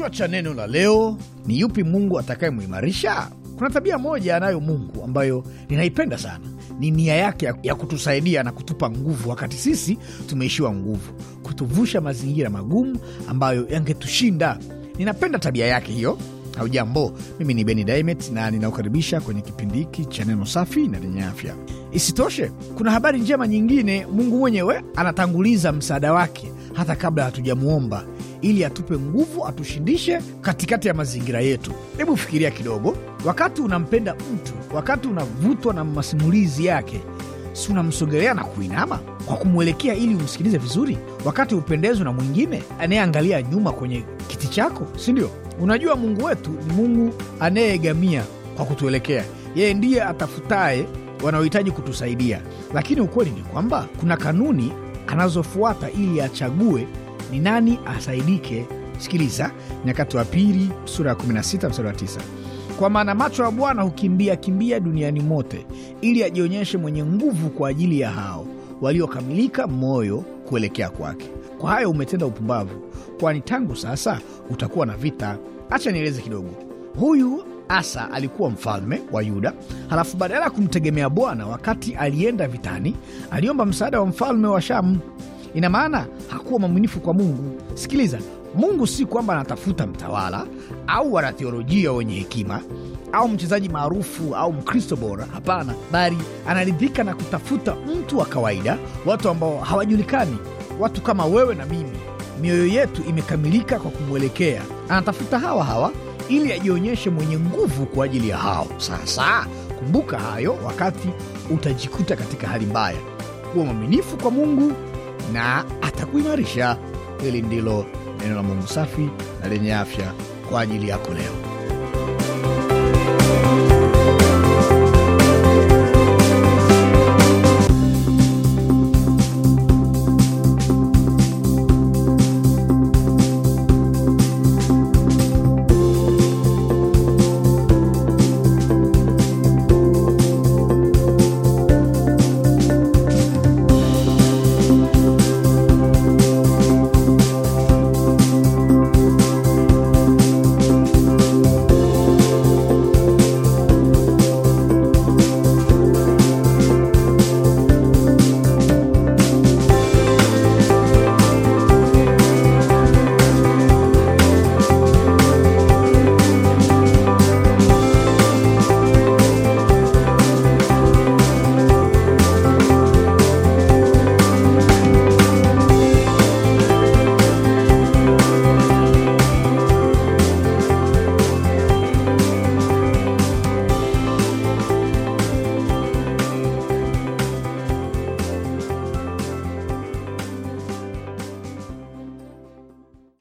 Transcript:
Kichwa cha neno la leo ni yupi Mungu atakayemwimarisha? Kuna tabia moja anayo Mungu ambayo ninaipenda sana, ni nia yake ya kutusaidia na kutupa nguvu wakati sisi tumeishiwa nguvu, kutuvusha mazingira magumu ambayo yangetushinda. Ninapenda tabia yake hiyo. Haujambo, mimi ni Beni Daimet na ninakukaribisha kwenye kipindi hiki cha neno safi na lenye afya. Isitoshe, kuna habari njema nyingine. Mungu mwenyewe anatanguliza msaada wake hata kabla hatujamwomba ili atupe nguvu, atushindishe katikati ya mazingira yetu. Hebu fikiria kidogo, wakati unampenda mtu, wakati unavutwa na masimulizi yake, si unamsogelea na kuinama kwa kumwelekea ili umsikilize vizuri, wakati upendezwe na mwingine anayeangalia nyuma kwenye kiti chako, si ndio? Unajua, Mungu wetu ni Mungu anayeegamia kwa kutuelekea. Yeye ndiye atafutaye wanaohitaji kutusaidia, lakini ukweli ni kwamba kuna kanuni anazofuata ili achague ni nani asaidike? Sikiliza Nyakati wa Pili sura ya 16 mstari wa 9, kwa maana macho ya Bwana hukimbia kimbia duniani mote ili ajionyeshe mwenye nguvu kwa ajili ya hao waliokamilika moyo kuelekea kwake. Kwa hayo umetenda upumbavu, kwani tangu sasa utakuwa na vita. Acha nieleze kidogo. Huyu Asa alikuwa mfalme wa Yuda. Halafu badala ya kumtegemea Bwana wakati alienda vitani, aliomba msaada wa mfalme wa Shamu. Ina maana hakuwa mwaminifu kwa Mungu. Sikiliza, Mungu si kwamba anatafuta mtawala au wanathiolojia wenye hekima au mchezaji maarufu au Mkristo bora. Hapana, bali anaridhika na kutafuta mtu wa kawaida, watu ambao hawajulikani, watu kama wewe na mimi. Mioyo yetu imekamilika kwa kumwelekea. Anatafuta hawa hawa ili ajionyeshe mwenye nguvu kwa ajili ya hao. Sasa kumbuka hayo wakati utajikuta katika hali mbaya. Kuwa mwaminifu kwa Mungu na atakuimarisha. Hili ndilo neno la Mungu safi na lenye afya kwa ajili yako leo.